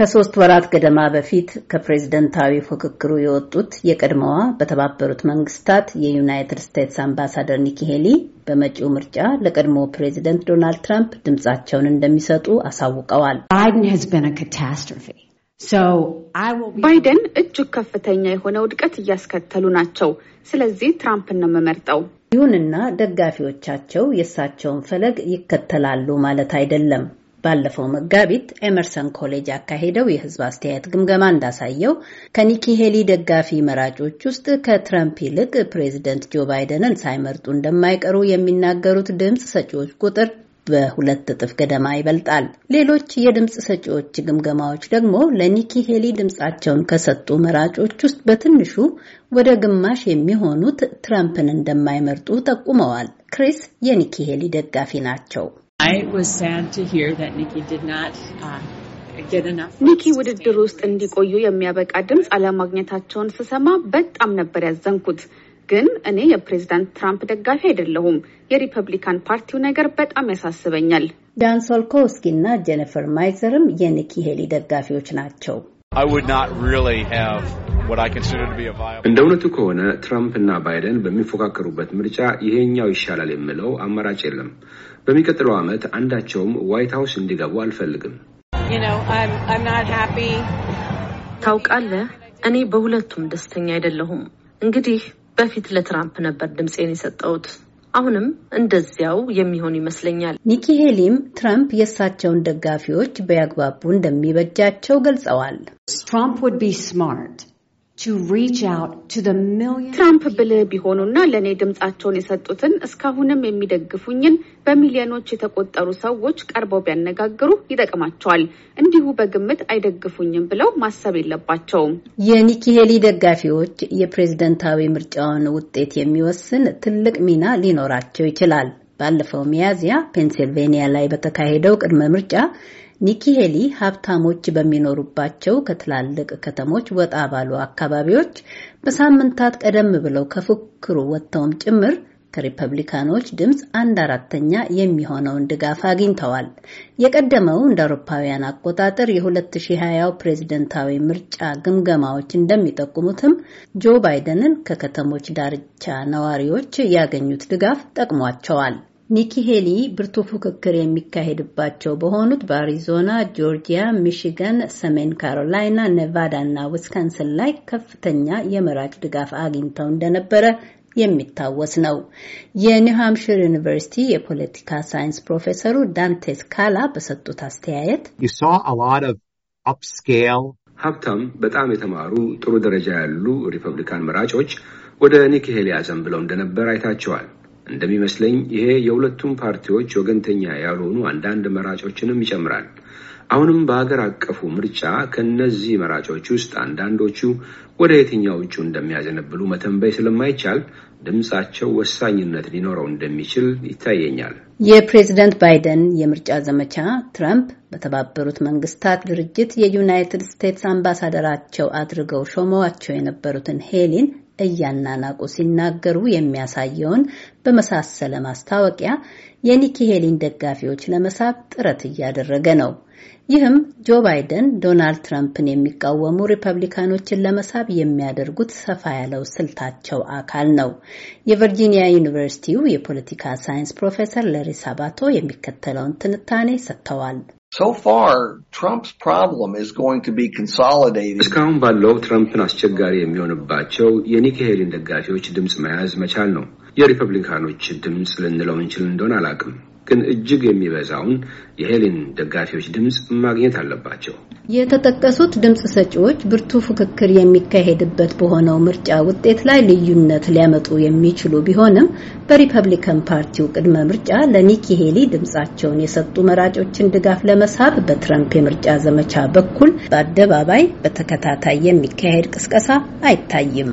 ከሶስት ወራት ገደማ በፊት ከፕሬዝደንታዊ ፉክክሩ የወጡት የቀድሞዋ በተባበሩት መንግስታት የዩናይትድ ስቴትስ አምባሳደር ኒኪ ሄሊ በመጪው ምርጫ ለቀድሞ ፕሬዝደንት ዶናልድ ትራምፕ ድምጻቸውን እንደሚሰጡ አሳውቀዋል። ባይደን እጅግ ከፍተኛ የሆነ ውድቀት እያስከተሉ ናቸው። ስለዚህ ትራምፕን ነው የምመርጠው። ይሁንና ደጋፊዎቻቸው የእሳቸውን ፈለግ ይከተላሉ ማለት አይደለም። ባለፈው መጋቢት ኤመርሰን ኮሌጅ ያካሄደው የህዝብ አስተያየት ግምገማ እንዳሳየው ከኒኪ ሄሊ ደጋፊ መራጮች ውስጥ ከትረምፕ ይልቅ ፕሬዚደንት ጆ ባይደንን ሳይመርጡ እንደማይቀሩ የሚናገሩት ድምፅ ሰጪዎች ቁጥር በሁለት እጥፍ ገደማ ይበልጣል። ሌሎች የድምፅ ሰጪዎች ግምገማዎች ደግሞ ለኒኪ ሄሊ ድምፃቸውን ከሰጡ መራጮች ውስጥ በትንሹ ወደ ግማሽ የሚሆኑት ትረምፕን እንደማይመርጡ ጠቁመዋል። ክሪስ የኒኪ ሄሊ ደጋፊ ናቸው። I was sad to hear that Nikki did not uh, ኒኪ ውድድር ውስጥ እንዲቆዩ የሚያበቃ ድምፅ አለማግኘታቸውን ስሰማ በጣም ነበር ያዘንኩት። ግን እኔ የፕሬዝዳንት ትራምፕ ደጋፊ አይደለሁም። የሪፐብሊካን ፓርቲው ነገር በጣም ያሳስበኛል። ዳን ሶልኮውስኪ እና ጄኒፈር ማይዘርም የኒኪ ሄሊ ደጋፊዎች ናቸው። እንደ እውነቱ ከሆነ ትራምፕ እና ባይደን በሚፎካከሩበት ምርጫ ይሄኛው ይሻላል የምለው አማራጭ የለም። በሚቀጥለው ዓመት አንዳቸውም ዋይት ሀውስ እንዲገቡ አልፈልግም። ታውቃለህ፣ እኔ በሁለቱም ደስተኛ አይደለሁም። እንግዲህ በፊት ለትራምፕ ነበር ድምፄን የሰጠሁት። አሁንም እንደዚያው የሚሆን ይመስለኛል። ኒኪ ሄሊም ትራምፕ የእሳቸውን ደጋፊዎች በያግባቡ እንደሚበጃቸው ገልጸዋል። ትራምፕ ትራምፕ ብልህ ቢሆኑና ለእኔ ድምፃቸውን የሰጡትን እስካሁንም የሚደግፉኝን በሚሊዮኖች የተቆጠሩ ሰዎች ቀርበው ቢያነጋግሩ ይጠቅማቸዋል። እንዲሁ በግምት አይደግፉኝም ብለው ማሰብ የለባቸውም። የኒኪ ሄሊ ደጋፊዎች የፕሬዝደንታዊ ምርጫውን ውጤት የሚወስን ትልቅ ሚና ሊኖራቸው ይችላል። ባለፈው ሚያዝያ ፔንሲልቬኒያ ላይ በተካሄደው ቅድመ ምርጫ ኒኪ ሄሊ ሀብታሞች በሚኖሩባቸው ከትላልቅ ከተሞች ወጣ ባሉ አካባቢዎች በሳምንታት ቀደም ብለው ከፉክክሩ ወጥተውም ጭምር ከሪፐብሊካኖች ድምፅ አንድ አራተኛ የሚሆነውን ድጋፍ አግኝተዋል። የቀደመው እንደ አውሮፓውያን አቆጣጠር የ2020 ፕሬዝደንታዊ ምርጫ ግምገማዎች እንደሚጠቁሙትም ጆ ባይደንን ከከተሞች ዳርቻ ነዋሪዎች ያገኙት ድጋፍ ጠቅሟቸዋል። ኒኪ ሄሊ ብርቱ ፉክክር የሚካሄድባቸው በሆኑት በአሪዞና፣ ጆርጂያ፣ ሚሽገን፣ ሰሜን ካሮላይና፣ ኔቫዳ እና ዊስካንስን ላይ ከፍተኛ የመራጭ ድጋፍ አግኝተው እንደነበረ የሚታወስ ነው። የኒው ሃምሽር ዩኒቨርሲቲ የፖለቲካ ሳይንስ ፕሮፌሰሩ ዳንቴስ ካላ በሰጡት አስተያየት ሀብታም፣ በጣም የተማሩ ጥሩ ደረጃ ያሉ ሪፐብሊካን መራጮች ወደ ኒኪ ሄሊ ብለው እንደነበር አይታቸዋል። እንደሚመስለኝ ይሄ የሁለቱም ፓርቲዎች ወገንተኛ ያልሆኑ አንዳንድ መራጮችንም ይጨምራል። አሁንም በሀገር አቀፉ ምርጫ ከነዚህ መራጮች ውስጥ አንዳንዶቹ ወደ የትኛው እጩ እንደሚያዘነብሉ መተንበይ ስለማይቻል ድምፃቸው ወሳኝነት ሊኖረው እንደሚችል ይታየኛል። የፕሬዝደንት ባይደን የምርጫ ዘመቻ ትራምፕ በተባበሩት መንግስታት ድርጅት የዩናይትድ ስቴትስ አምባሳደራቸው አድርገው ሾመዋቸው የነበሩትን ሄሊን እያናናቁ ሲናገሩ የሚያሳየውን በመሳሰለ ማስታወቂያ የኒኪ ሄሊን ደጋፊዎች ለመሳብ ጥረት እያደረገ ነው። ይህም ጆ ባይደን ዶናልድ ትራምፕን የሚቃወሙ ሪፐብሊካኖችን ለመሳብ የሚያደርጉት ሰፋ ያለው ስልታቸው አካል ነው። የቨርጂኒያ ዩኒቨርሲቲው የፖለቲካ ሳይንስ ፕሮፌሰር ለሪ ሳባቶ የሚከተለውን ትንታኔ ሰጥተዋል። ሶፋር ትራምፕስ ፕሮብለም ኢዝ ጎይንግ ቱ ቢ ኮንሶሊዴትድ። እስካሁን ባለው ትራምፕን አስቸጋሪ የሚሆንባቸው የኒኪ ሄሊን ደጋፊዎች ድምፅ መያዝ መቻል ነው። የሪፐብሊካኖች ድምፅ ልንለው እንችል እንደሆነ አላውቅም። ግን እጅግ የሚበዛውን የሄሊን ደጋፊዎች ድምፅ ማግኘት አለባቸው። የተጠቀሱት ድምፅ ሰጪዎች ብርቱ ፉክክር የሚካሄድበት በሆነው ምርጫ ውጤት ላይ ልዩነት ሊያመጡ የሚችሉ ቢሆንም በሪፐብሊካን ፓርቲው ቅድመ ምርጫ ለኒኪ ሄሊ ድምፃቸውን የሰጡ መራጮችን ድጋፍ ለመሳብ በትረምፕ የምርጫ ዘመቻ በኩል በአደባባይ በተከታታይ የሚካሄድ ቅስቀሳ አይታይም።